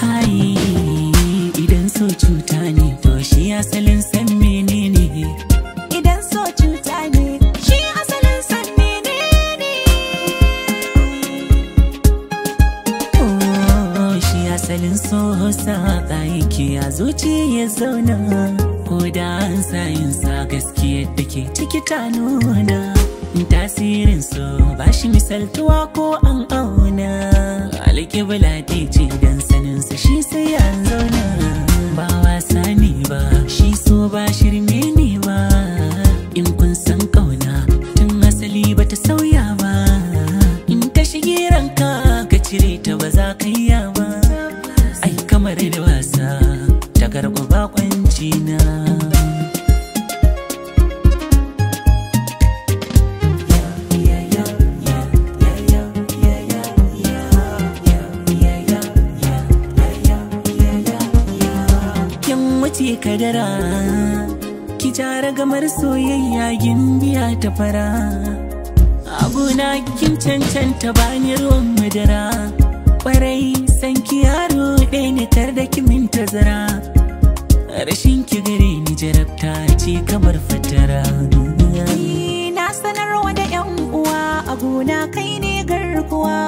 Hai, idan so cuta ne, to shi asalin san Idan so cuta ne, shi asalin san shi asalin so ya zauna. Ko da sa gaskiyar da ke ciki ta nuna. Tasirin so bashi misaltuwa ko an auna. kibla ta ce dan saninsa shi sai an zauna ba wasa ne ba shi so ba shirme ne ba in kun san ƙauna tun asali ba ta sauya ba in ta shige ranka ka cire ta ba za ka yi ba ai kamar da wasa ta bakwanci na kadara ki tara gamar soyayya gimbiya ta fara abuna kin cancanta bani ruwan madara kwarai san ki yaro ɗaya ne tar da kimin tazara rashin ki gare ni jarabta ce kamar fatara duniya na sanarwa da yan uwa abuna kai ne garkuwa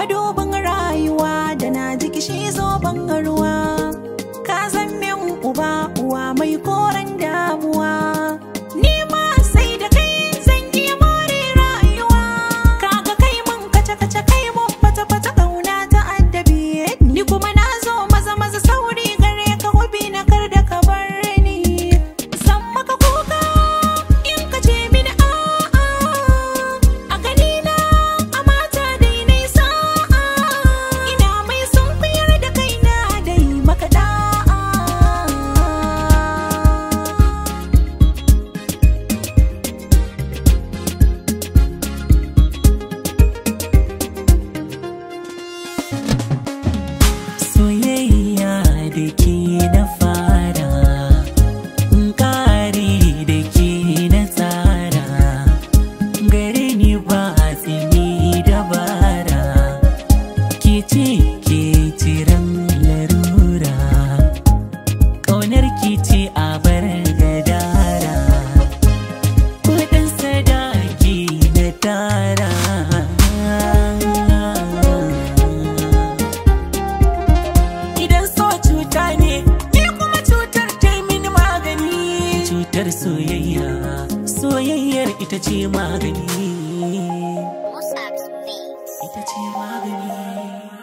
madubin rayuwa da na ji kishi zo bangarwa cutar soyayya soyayyar ita ce magani ita ce magani